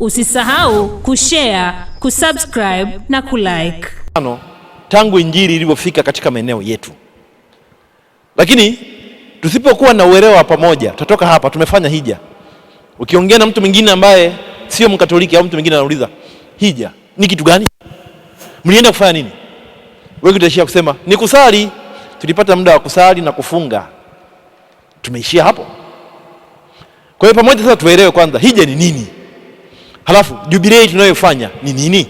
Usisahau kushare, kusubscribe na kulike. Tangu injili ilivyofika katika maeneo yetu, lakini tusipokuwa na uelewa pamoja, tutatoka hapa tumefanya hija. Ukiongea na mtu mwingine ambaye sio Mkatoliki au mtu mwingine anauliza hija ni kitu gani, mlienda kufanya nini? Wengi tutaishia kusema ni kusali, tulipata muda wa kusali na kufunga, tumeishia hapo. Kwa hiyo pamoja sasa tuelewe kwanza hija ni nini. Halafu jubilei tunayofanya ni nini?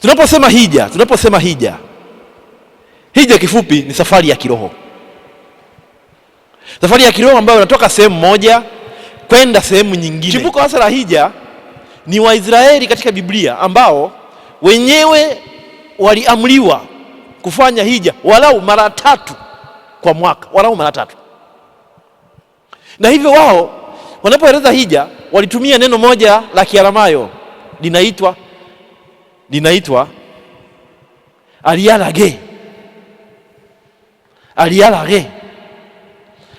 Tunaposema hija, tunaposema hija, hija kifupi ni safari ya kiroho, safari ya kiroho ambayo unatoka sehemu moja kwenda sehemu nyingine. Chimbuko hasa la hija ni Waisraeli katika Biblia ambao wenyewe waliamriwa kufanya hija walau mara tatu kwa mwaka, walau mara tatu, na hivyo wao Wanapoeleza hija walitumia neno moja la Kiaramayo linaitwa linaitwa alialage alialage.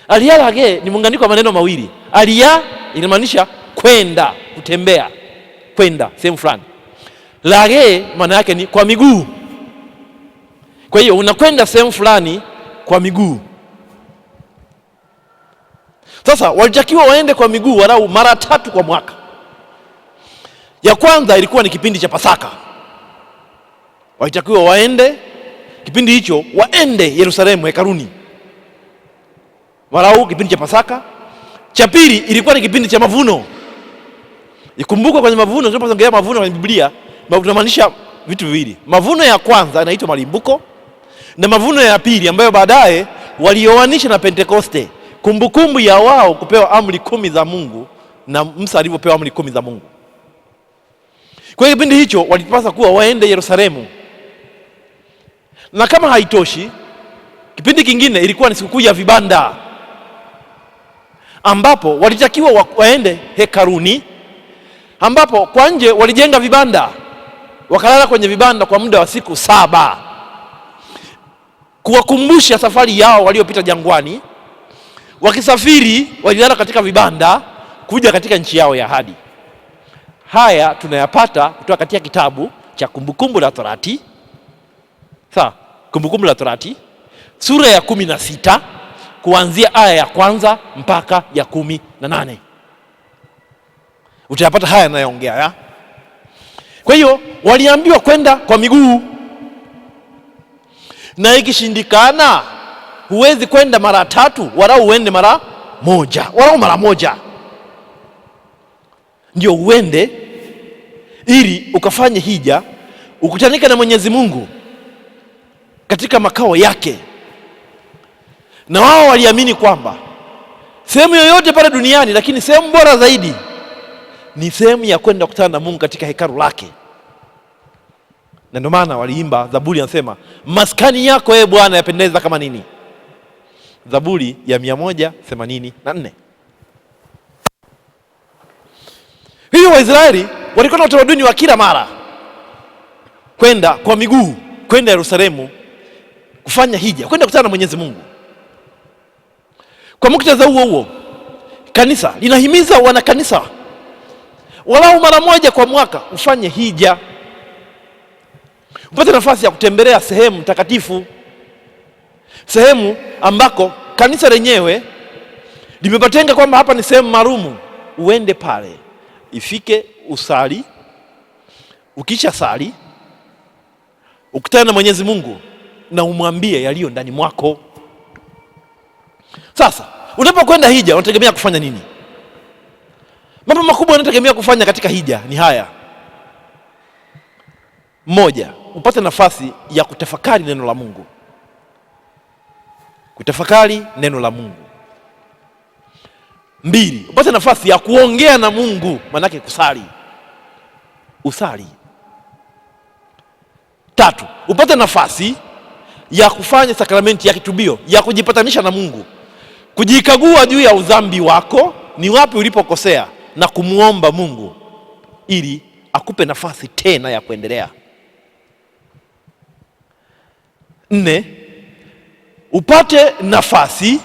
Alialage ni muunganiko wa maneno mawili. Alia inamaanisha kwenda, kutembea, kwenda sehemu fulani. Lage maana yake ni kwa miguu. Kwa hiyo unakwenda sehemu fulani kwa miguu. Sasa walitakiwa waende kwa miguu walau mara tatu kwa mwaka. Ya kwanza ilikuwa ni kipindi cha Pasaka, walitakiwa waende kipindi hicho, waende Yerusalemu hekaruni walau kipindi cha Pasaka. Cha pili ilikuwa ni kipindi cha mavuno. Ikumbukwe kwenye mavuno, tunapoongelea mavuno kwenye Biblia tunamaanisha vitu viwili. Mavuno ya kwanza yanaitwa malimbuko na mavuno ya pili ambayo baadaye walioanisha na Pentekoste kumbukumbu ya wao kupewa amri kumi za Mungu na Musa alivyopewa amri kumi za Mungu. Kwa hiyo kipindi hicho walipaswa kuwa waende Yerusalemu, na kama haitoshi, kipindi kingine ilikuwa ni sikukuu ya vibanda, ambapo walitakiwa waende hekaruni, ambapo kwa nje walijenga vibanda, wakalala kwenye vibanda kwa muda wa siku saba, kuwakumbusha safari yao waliopita jangwani wakisafiri walilala katika vibanda kuja katika nchi yao ya ahadi. Haya tunayapata kutoka katika kitabu cha Kumbukumbu la Torati, sawa, Kumbukumbu la Torati sura ya kumi na sita kuanzia aya ya kwanza mpaka ya kumi na nane utayapata haya yanayoongea ya. Kwa hiyo waliambiwa kwenda kwa miguu na ikishindikana huwezi kwenda mara tatu, walau uende mara moja, wala mara moja ndio uende, ili ukafanye hija, ukutanika na Mwenyezi Mungu katika makao yake. Na wao waliamini kwamba sehemu yoyote pale duniani, lakini sehemu bora zaidi ni sehemu ya kwenda kukutana na Mungu katika hekalu lake. Na ndio maana waliimba Zaburi, anasema maskani yako, ee Bwana, yapendeza kama nini. Zaburi ya 184. hiyo Waisraeli walikuwa na utamaduni wa kila mara kwenda kwa miguu kwenda Yerusalemu kufanya hija, kwenda kutana na Mwenyezi Mungu. Kwa muktadha huo huo, kanisa linahimiza wanakanisa walau mara moja kwa mwaka ufanye hija, upate nafasi ya kutembelea sehemu takatifu sehemu ambako kanisa lenyewe limepatenga kwamba hapa ni sehemu maalum uende pale, ifike usali. Ukisha sali ukutane na Mwenyezi Mungu na umwambie yaliyo ndani mwako. Sasa unapokwenda hija unategemea kufanya nini? Mambo makubwa unategemea kufanya katika hija ni haya: moja, upate nafasi ya kutafakari neno la Mungu kutafakari neno la Mungu. Mbili, upate nafasi ya kuongea na Mungu, maanake kusali, usali. Tatu, upate nafasi ya kufanya sakramenti ya kitubio ya kujipatanisha na Mungu, kujikagua juu ya udhambi wako, ni wapi ulipokosea na kumwomba Mungu ili akupe nafasi tena ya kuendelea. Nne, upate nafasi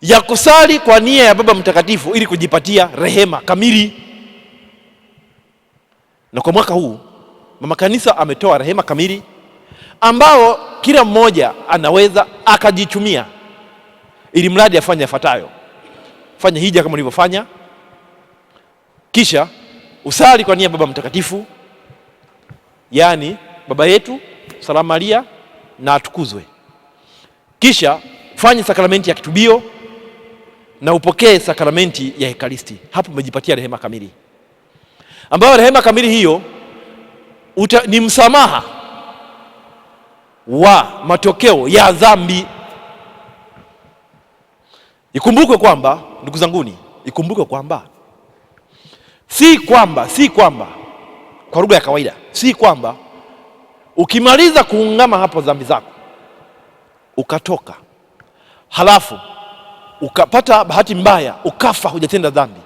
ya kusali kwa nia ya Baba Mtakatifu ili kujipatia rehema kamili. Na kwa mwaka huu mama kanisa ametoa rehema kamili ambao kila mmoja anaweza akajichumia, ili mradi afanye yafuatayo: fanya hija kama ulivyofanya, kisha usali kwa nia Baba Mtakatifu, yaani Baba yetu, Salamu Maria na atukuzwe. Kisha fanye sakramenti ya kitubio na upokee sakramenti ya Ekaristi. Hapo umejipatia rehema kamili, ambayo rehema kamili hiyo uta, ni msamaha wa matokeo ya dhambi. Ikumbukwe kwamba ndugu zanguni, ikumbukwe kwamba si kwamba si kwamba kwa lugha ya kawaida, si kwamba ukimaliza kuungama hapo dhambi zako ukatoka, halafu ukapata bahati mbaya ukafa, hujatenda dhambi,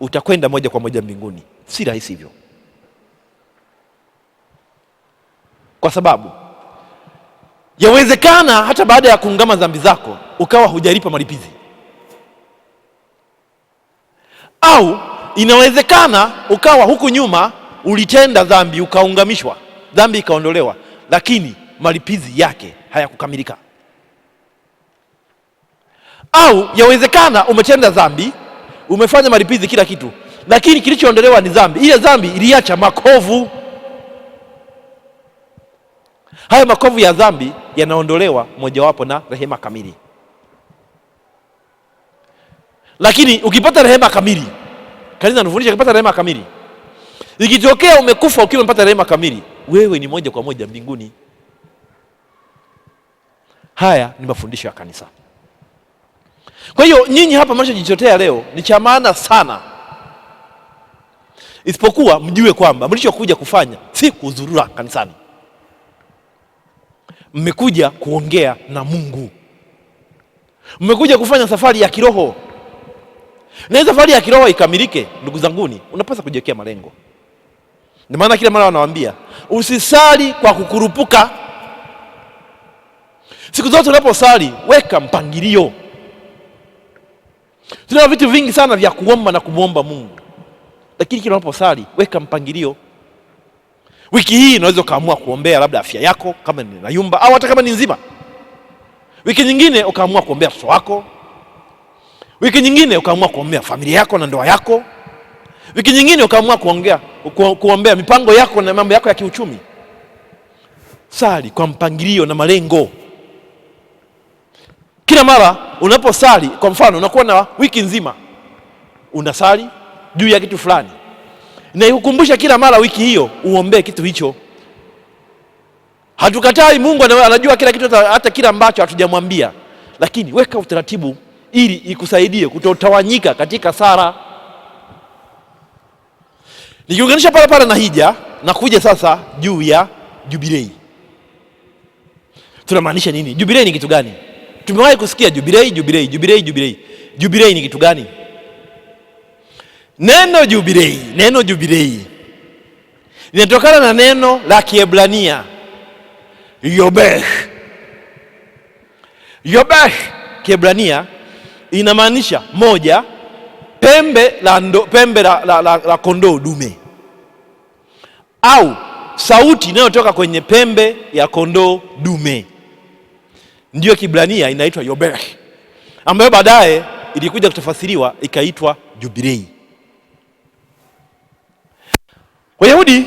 utakwenda moja kwa moja mbinguni? Si rahisi hivyo, kwa sababu yawezekana hata baada ya kuungama dhambi zako ukawa hujalipa malipizi, au inawezekana ukawa huku nyuma ulitenda dhambi ukaungamishwa, dhambi ikaondolewa, lakini malipizi yake hayakukamilika au yawezekana umetenda dhambi, umefanya malipizi, kila kitu, lakini kilichoondolewa ni dhambi. Ile dhambi iliacha makovu. Haya makovu ya dhambi yanaondolewa mojawapo na rehema kamili. Lakini ukipata rehema kamili, kanisa nifundisha, ukipata rehema kamili, ikitokea umekufa ukiwa umepata rehema kamili, wewe ni moja kwa moja mbinguni. Haya ni mafundisho ya kanisa. Kwa hiyo nyinyi hapa mnachojichotea leo ni cha maana sana, isipokuwa mjue kwamba mlichokuja kufanya si kuzurura kanisani, mmekuja kuongea na Mungu, mmekuja kufanya safari ya kiroho. Na hii safari ya kiroho ikamilike, ndugu zanguni, unapaswa kujiwekea malengo. Ndio maana kila mara wanawaambia usisali kwa kukurupuka. Siku zote unaposali weka mpangilio. Tunao vitu vingi sana vya kuomba na kumwomba Mungu, lakini kila unaposali weka mpangilio. Wiki hii unaweza ukaamua kuombea labda afya yako kama ni nayumba, au hata kama ni nzima. Wiki nyingine ukaamua kuombea mtoto wako, wiki nyingine ukaamua kuombea familia yako na ndoa yako, wiki nyingine ukaamua kuongea kuombea mipango yako na mambo yako ya kiuchumi. Sali kwa mpangilio na malengo. Kila mara unaposali, kwa mfano, unakuwa na wiki nzima unasali juu ya kitu fulani, na ikukumbusha kila mara wiki hiyo uombee kitu hicho. Hatukatai, Mungu anajua kila kitu, hata kile ambacho hatujamwambia, lakini weka utaratibu ili ikusaidie kutotawanyika katika sara. Nikiunganisha pale pale na hija na kuja sasa juu ya jubilei, tunamaanisha nini? Jubilei ni kitu gani? Tumewahi kusikia jubilei, jubilei, jubilei, jubilei. Jubilei ni kitu gani? Neno jubilei, neno jubilei linatokana na neno la Kiebrania yobeh. Yobeh Kiebrania inamaanisha moja, pembe la, ndo, pembe la, la, la, la kondoo dume au sauti inayotoka kwenye pembe ya kondoo dume ndiyo Kibrania inaitwa Yobel ambayo baadaye ilikuja kutafasiriwa ikaitwa Jubilei. Wayahudi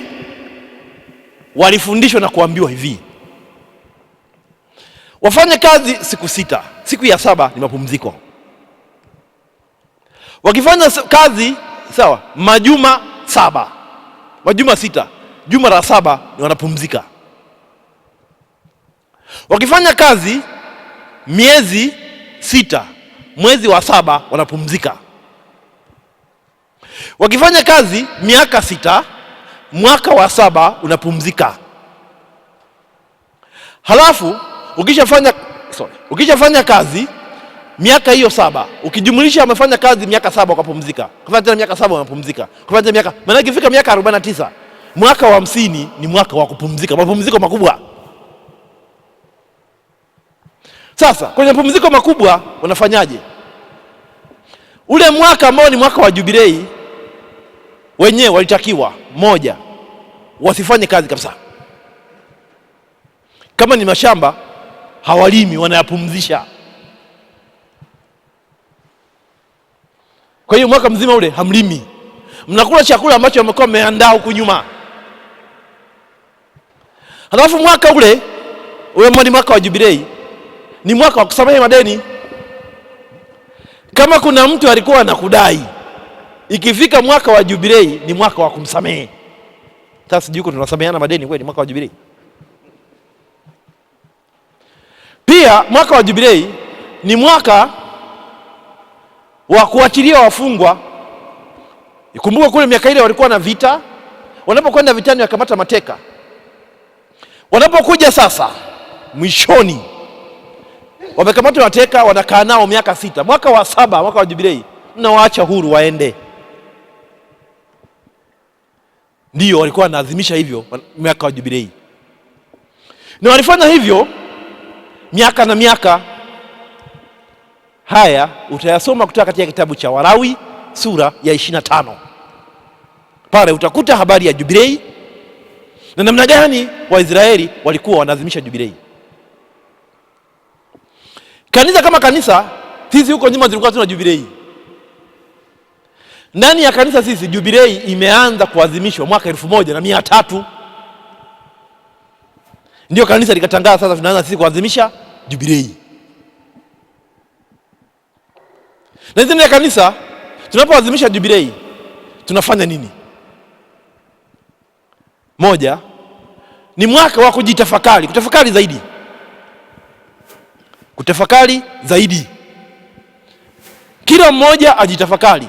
walifundishwa na kuambiwa hivi, wafanye kazi siku sita, siku ya saba ni mapumziko. Wakifanya kazi sawa, majuma saba, majuma sita, juma la saba ni wanapumzika. Wakifanya kazi miezi sita, mwezi wa saba wanapumzika. Wakifanya kazi miaka sita, mwaka wa saba unapumzika. Halafu ukishafanya sorry, ukishafanya kazi miaka hiyo saba ukijumulisha, amefanya kazi miaka saba ukapumzika, kufanya tena miaka saba unapumzika, kufanya tena miaka, maana ikifika miaka 49 mwaka wa hamsini ni mwaka wa kupumzika, mapumziko makubwa. Sasa kwenye mapumziko makubwa unafanyaje? Ule mwaka ambao ni mwaka wa jubilei, wenyewe walitakiwa moja, wasifanye kazi kabisa. Kama ni mashamba hawalimi, wanayapumzisha. Kwa hiyo mwaka mzima ule hamlimi, mnakula chakula ambacho wamekuwa mmeandaa huku nyuma. Halafu mwaka ule ule ni mwaka wa jubilei ni mwaka wa kusamehe madeni. Kama kuna mtu alikuwa anakudai, ikifika mwaka wa jubilei ni mwaka wa kumsamehe. Sasa sijui uko tunasameheana madeni kweli mwaka wa jubilei? Pia mwaka wa jubilei ni mwaka wa kuachilia wafungwa. Ikumbuka kule miaka ile walikuwa na vita, wanapokwenda vitani wakamata mateka, wanapokuja sasa mwishoni wamekamata wateka, wanakaa nao miaka sita. Mwaka wa saba, mwaka wa jubilei, mnawaacha huru waende. ndio walikuwa wanaadhimisha hivyo miaka wa jubilei, na walifanya hivyo miaka na miaka. Haya utayasoma kutoka katika kitabu cha warawi sura ya tano Pale utakuta habari ya jubilei na namna gani Waisraeli walikuwa wanaadhimisha jubilei. Kanisa kama kanisa, sisi huko nyuma zilikuwa tuna jubilei. Ndani ya kanisa sisi jubilei imeanza kuadhimishwa mwaka elfu moja na mia tatu ndio kanisa likatangaza sasa tunaanza sisi kuadhimisha jubilei. Na ndani ya kanisa tunapoadhimisha jubilei tunafanya nini? Moja ni mwaka wa kujitafakari, kutafakari zaidi kutafakari zaidi, kila mmoja ajitafakari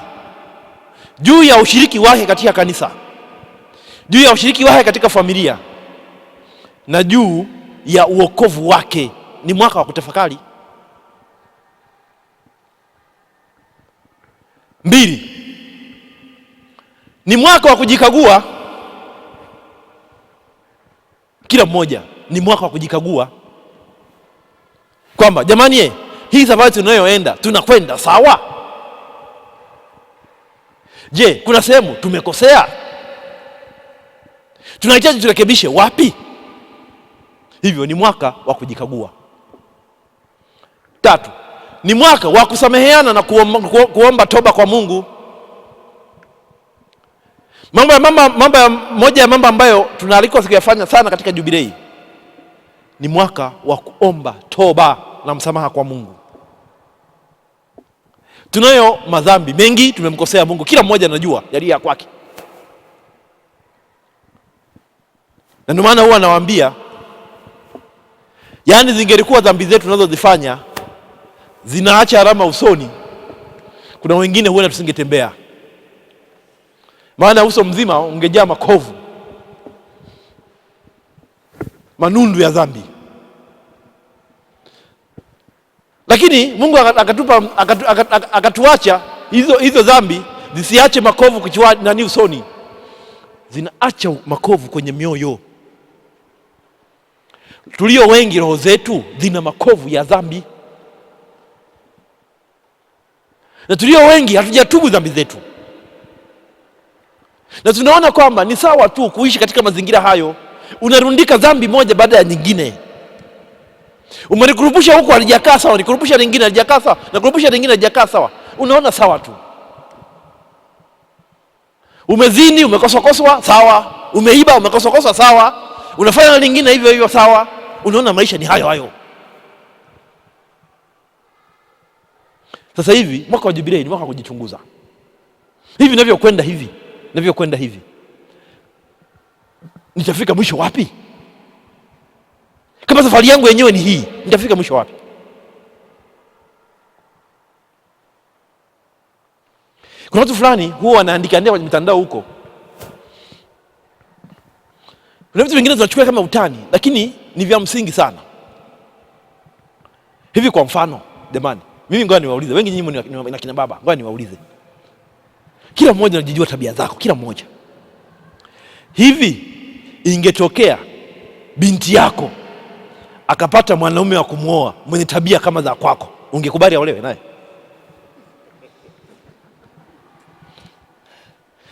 juu ya ushiriki wake katika kanisa, juu ya ushiriki wake katika familia na juu ya uokovu wake. Ni mwaka wa kutafakari. Mbili, ni mwaka wa kujikagua. Kila mmoja, ni mwaka wa kujikagua kwamba jamani, eh, hii safari tunayoenda tunakwenda sawa? Je, kuna sehemu tumekosea? Tunahitaji turekebishe wapi? Hivyo ni mwaka wa kujikagua. Tatu, ni mwaka wa kusameheana na kuomba, kuomba toba kwa Mungu. Mambo ya mambo ya moja ya mambo ambayo tunaalikwa sikuyafanya sana katika jubilei ni mwaka wa kuomba toba na msamaha kwa Mungu. Tunayo madhambi mengi, tumemkosea Mungu, kila mmoja anajua yaliyo ya kwake, na ndio maana huwa anawaambia, yaani zingelikuwa dhambi zetu tunazozifanya zinaacha alama usoni, kuna wengine huenda tusingetembea, maana uso mzima ungejaa makovu manundu ya dhambi, lakini Mungu akatupa akatuacha hizo hizo dhambi zisiache makovu kichwani na usoni, zinaacha makovu kwenye mioyo. Tulio wengi roho zetu zina makovu ya dhambi, na tulio wengi hatujatubu dhambi zetu, na tunaona kwamba ni sawa tu kuishi katika mazingira hayo unarundika dhambi moja baada ya nyingine. umenikurupusha huko alijakaa sawa, nikurupusha lingine alijakaa sawa, nakurubusha lingine alijakaa sawa, unaona sawa tu. Umezini, umekoswakoswa sawa, umeiba, umekoswakoswa sawa, unafanya lingine hivyo hivyo sawa, unaona maisha ni hayo hayo. Sasa hivi mwaka wa jubilei ni mwaka wa kujichunguza, hivi navyokwenda hivi navyokwenda hivi nitafika mwisho wapi? Kama safari yangu yenyewe ni hii, nitafika mwisho wapi? Kuna watu fulani huwa wanaandika andika kwenye mitandao huko, kuna vitu vingine tunachukua kama utani, lakini ni vya msingi sana. Hivi kwa mfano, jamani, mimi ngoja niwaulize wengi nyinyi na kina baba, ngoja niwaulize, kila mmoja anajijua tabia zako, kila mmoja hivi ingetokea binti yako akapata mwanaume wa kumwoa mwenye tabia kama za kwako, ungekubali aolewe naye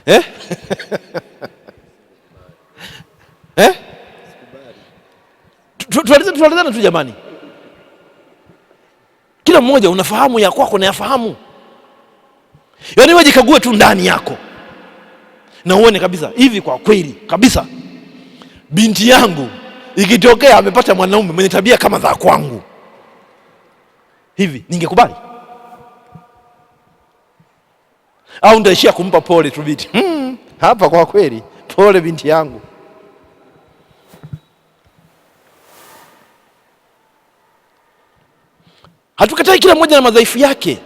eh? eh? Tualizana tu jamani, kila mmoja unafahamu ya kwako na yafahamu, yaani wajikague tu ndani yako na uone kabisa, hivi kwa kweli kabisa binti yangu ikitokea amepata mwanaume mwenye tabia kama za kwangu hivi, ningekubali au ndaishia kumpa pole tu binti? Hmm, hapa kwa kweli pole binti yangu. Hatukatai kila mmoja na madhaifu yake,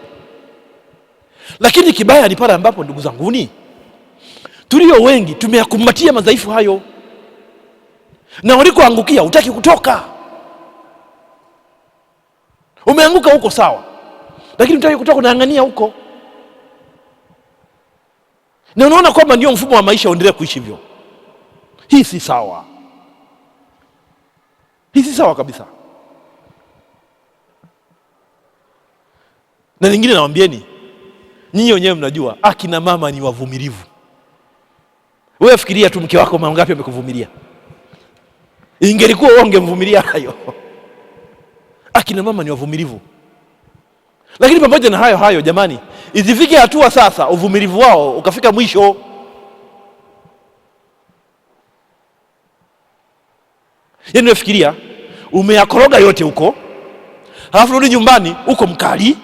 lakini kibaya ni pale ambapo, ndugu zanguni, tulio wengi tumeyakumbatia madhaifu hayo na ulikoangukia hutaki kutoka. Umeanguka huko sawa, lakini hutaki kutoka, unaang'ania huko na unaona kwamba ndio mfumo wa maisha, uendelee kuishi hivyo. Hii si sawa, hii si sawa kabisa. Na lingine nawambieni nyinyi wenyewe mnajua, akina mama ni wavumilivu. Wewe fikiria tu mke wako mara ngapi amekuvumilia? Ingelikuwa wao ungemvumilia hayo. Akina mama ni wavumilivu, lakini pamoja na hayo hayo, jamani, isifike hatua sasa uvumilivu wao ukafika mwisho. Yaani unafikiria umeyakoroga yote huko, halafu rudi nyumbani uko mkali,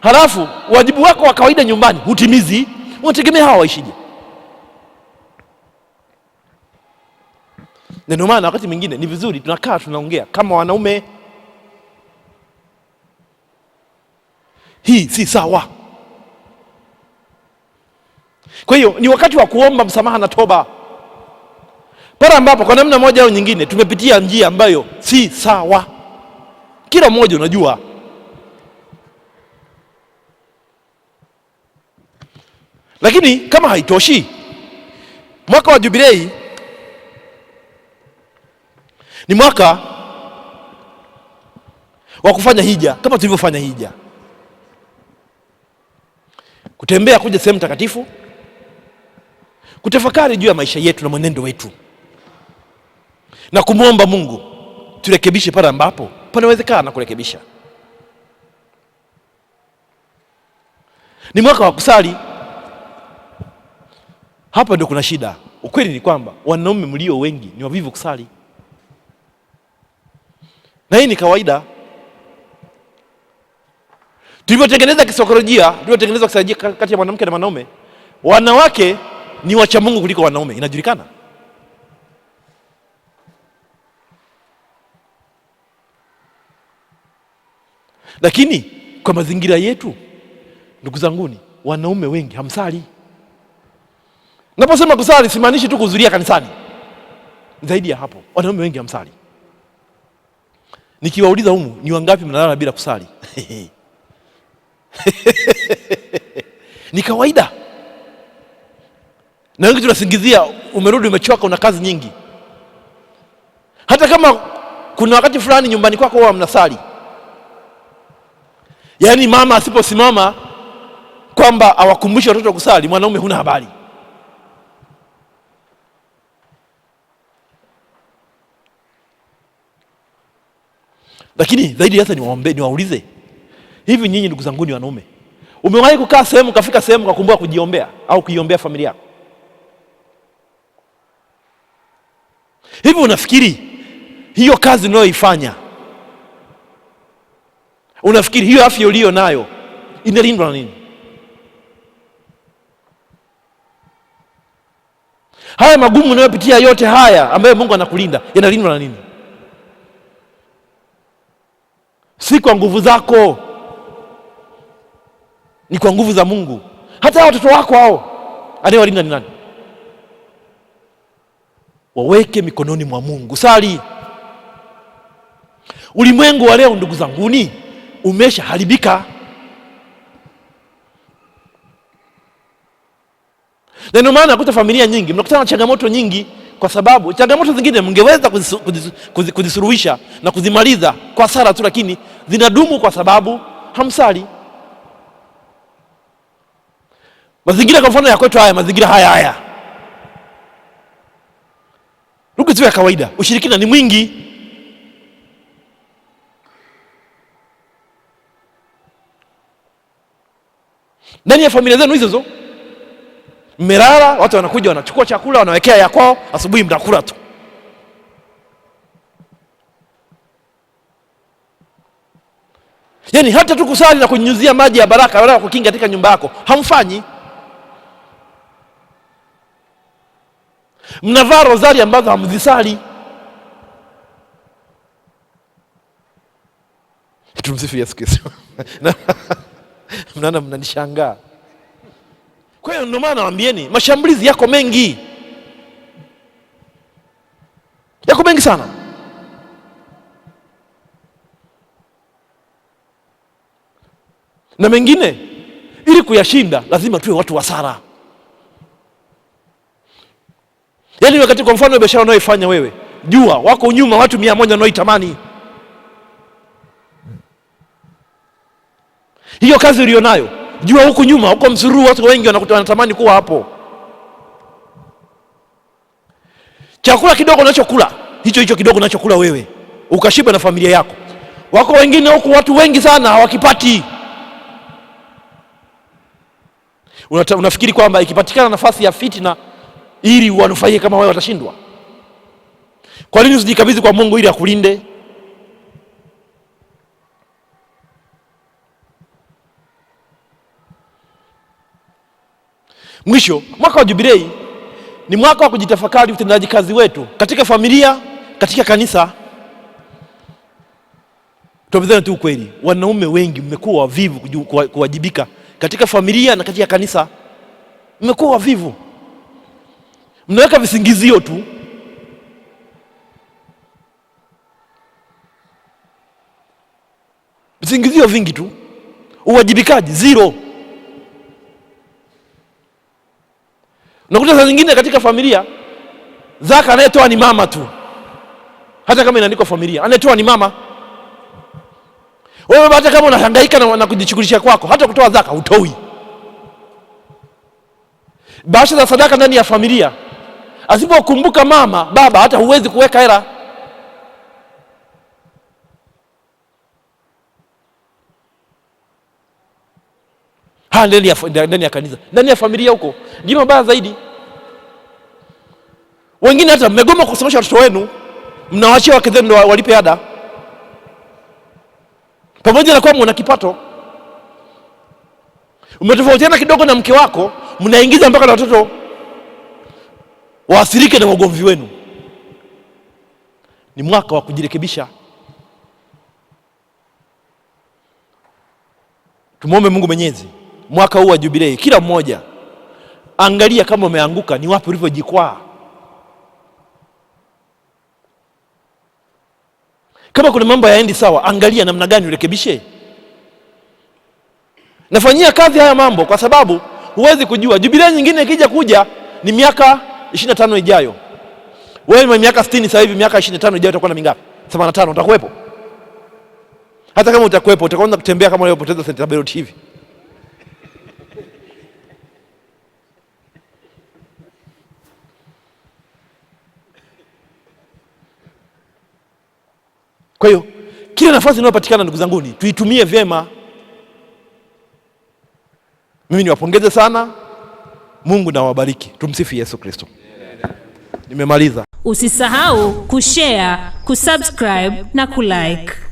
halafu wajibu wako wa kawaida nyumbani hutimizi, unategemea hawa waishije? Na ndio maana wakati mwingine ni vizuri tunakaa tunaongea kama wanaume, hii si sawa. Kwa hiyo ni wakati wa kuomba msamaha na toba, pale ambapo kwa namna moja au nyingine tumepitia njia ambayo si sawa. Kila mmoja unajua lakini kama haitoshi, mwaka wa jubilei ni mwaka wa kufanya hija kama tulivyofanya hija, kutembea kuja sehemu takatifu, kutafakari juu ya maisha yetu na mwenendo wetu na kumwomba Mungu turekebishe pale ambapo panawezekana kurekebisha. Ni mwaka wa kusali. Hapa ndio kuna shida. Ukweli ni kwamba wanaume mlio wengi ni wavivu kusali na hii ni kawaida. Tulivyotengeneza kisaikolojia, tulivyotengeneza kisaikolojia kati ya mwanamke na mwanaume, wanawake ni wacha Mungu kuliko wanaume, inajulikana. Lakini kwa mazingira yetu, ndugu zanguni, wanaume wengi hamsali. Naposema kusali simaanishi tu kuhudhuria kanisani, zaidi ya hapo, wanaume wengi hamsali. Nikiwauliza humu ni wangapi mnalala bila kusali? ni kawaida, na wengi tunasingizia. Umerudi umechoka, una kazi nyingi. Hata kama kuna wakati fulani nyumbani kwako huwa mnasali, yaani mama asiposimama kwamba awakumbushe watoto kusali, mwanaume huna habari. Lakini zaidi hasa niwaombe, niwaulize hivi, nyinyi ndugu zangu ni wanaume, umewahi kukaa sehemu kafika sehemu kakumbuka kujiombea au kuiombea familia yako? Hivi unafikiri hiyo kazi unayoifanya, unafikiri hiyo afya uliyo nayo inalindwa na nini? Haya magumu unayopitia yote haya ambayo Mungu anakulinda yanalindwa na nini? si kwa nguvu zako, ni kwa nguvu za Mungu. Hata watoto wako hao anayewalinda ni nani? Waweke mikononi mwa Mungu. Sali. Ulimwengu wa leo, ndugu zanguni, umeshaharibika. Na ndio maana nakuta familia nyingi mnakutana na changamoto nyingi, kwa sababu changamoto zingine mngeweza kuzisuluhisha na kuzimaliza kwa sala tu, lakini zinadumu kwa sababu hamsali. Mazingira kwa mfano ya kwetu haya, mazingira haya haya, ruku ya kawaida, ushirikina ni mwingi. Ndani ya familia zenu hizo hizo mmelala, watu wanakuja wanachukua chakula wanawekea ya kwao, asubuhi mtakula tu. Yaani hata tu kusali na kunyunyuzia maji ya baraka baraka kukinga katika nyumba yako hamfanyi. Mnavaa rozari ambazo hamzisali. Tumsifu Yesu Kristo. Mnaona, mnanishangaa. Kwa hiyo ndio maana nawambieni mashambulizi yako mengi, yako mengi sana. na mengine. Ili kuyashinda lazima tuwe watu wa sara. Yaani wakati kwa mfano biashara unayoifanya wewe, jua wako nyuma watu mia moja wanaoitamani hiyo kazi ulionayo, jua huku nyuma huko msururu watu wengi wanatamani kuwa hapo. Chakula kidogo unachokula hicho hicho kidogo unachokula wewe ukashiba na familia yako, wako wengine huku watu wengi sana hawakipati. unafikiri kwamba ikipatikana nafasi ya fitna ili wanufaie kama wao watashindwa? Kwa nini usijikabidhi kwa Mungu ili akulinde? Mwisho, mwaka wa Jubilei ni mwaka wa kujitafakari utendaji kazi wetu katika familia, katika kanisa. Tuambizane tu ukweli, wanaume wengi mmekuwa wavivu kuwajibika katika familia na katika kanisa mmekuwa wavivu, mnaweka visingizio tu. Visingizio vingi tu, uwajibikaji zero. nakuta saa nyingine katika familia zaka anayetoa ni mama tu, hata kama inaandikwa familia, anayetoa ni mama. Wewe hata kama unahangaika na, na kujichukulisha kwako, hata kutoa zaka utoi Bahasha za sadaka ndani ya familia asipokumbuka mama baba, hata huwezi kuweka hela. ndani ya, ndani ya kanisa, ndani ya familia huko ndio mabaya zaidi. Wengine hata mmegoma kusomesha watoto wenu, mnawaachia wake zenu walipe ada pamoja na kwamba una kipato, umetofautiana kidogo na mke wako, mnaingiza mpaka na watoto waathirike na ugomvi wenu. Ni mwaka wa kujirekebisha. Tumwombe Mungu Mwenyezi mwaka huu wa Jubilei, kila mmoja angalia kama umeanguka, ni wapi ulivyojikwaa. Kama kuna mambo yaendi sawa, angalia namna gani urekebishe. Nafanyia kazi haya mambo, kwa sababu huwezi kujua jubilee nyingine ikija kuja ni miaka 25 ijayo. Wewe miaka 60 sasa hivi, miaka 25 ijayo utakuwa na mingapi? 85 utakuwepo. Hata kama utakuwepo utakwenda kutembea kama leo poteza senta hivi Kwa hiyo kila nafasi inayopatikana ndugu zanguni, tuitumie vyema. Mimi niwapongeze sana. Mungu na wabariki. Tumsifu Yesu Kristo. Nimemaliza. Usisahau kushare, kusubscribe na kulike.